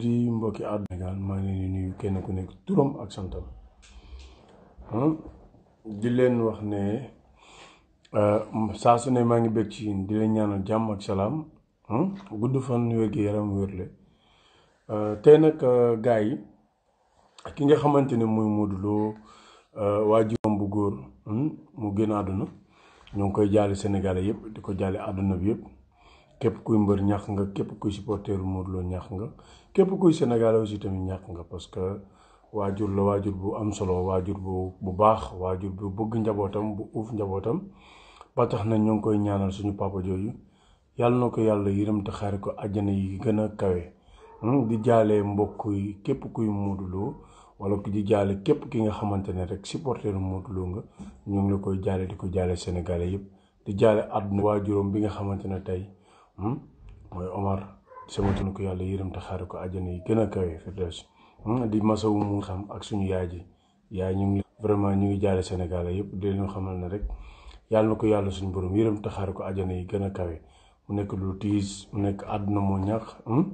di mbokki àdduna maa ngi leen kenn ku nekk turam ak santam hmm? di leen wax ne euh, saa su ne maa ngi bëgg ci di leen ñaanal jàmm ak salaam hmm? gudd fan wérgi yaram wérle euh, tey nag euh, gars yi ki nga xamante ne mooy Modou Lo waajuram bu góor hmm, mu gën àdduna ñoo ngi koy jaale Sénégalais yëpp di ko jaale àdduna bi yëpp képp kuy mbër ñàkk nga képp kuy supporteru Modou Lo nga képp kuy Sénégalais aussi tamit ñàkk nga parce que waajur la waajur bu am solo waajur bu bu baax waajur bu bëgg njabootam bu uuf njabootam ba na ñoo ngi koy ñaanal suñu papa jooju yàlla na ko yàlla yërëm te xaari ko àjjana yi gën a kawe hmm, di jaale mbokk képp kuy Modou wala ku di jaale képp ki nga xamante ne rek supporteru Modou Lo nga ñu ngi la koy jaale di ko jaale Sénégalais yëpp di jaale àdduna waajuram bi nga xamante ne tey Hmm? mooy Omar sewatunu ko yàlla yërëm te xaare ko àjjana yi gën a kawe si hmm? di masawu mu xam ak suñu yaay ji yaay ñu ngi vraiment ñu ngi jaale Sénégal yëpp di leen xamal ne rek yàlla na ko yàlla suñu borom yërëm te ko àjjana yi gën a kawe mu nekk lu tiis mu nekk àdduna moo ñax hmm?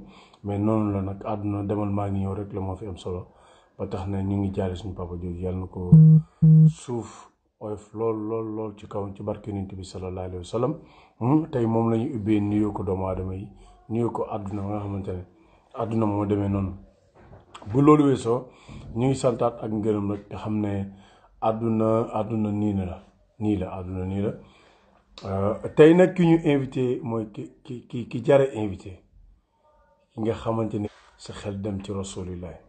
mais noonu la nag àdduna demal maa ngi ñëw rek la moo fi am solo ba tax na ñu ngi jaale suñu papa jooju yàlla na ko suuf oyof loolu lool lool ci kawam ci barke yonent bi sallallahu alayhi wa hmm, tey moom la ñu ubbee nuyoo ko doomu aadama yi nuyoo ko àdduna nga xamante ne àdduna moo demee noonu bu loolu weesoo ñuy ngi santaat ak ngërëm rek te xam ne àdduna àdduna nii la nii la àdduna nii la euh, tey nag ki ñu invité mooy ki ki ki ki jare invité ki nga xamante ne sa xel dem ci rasulillah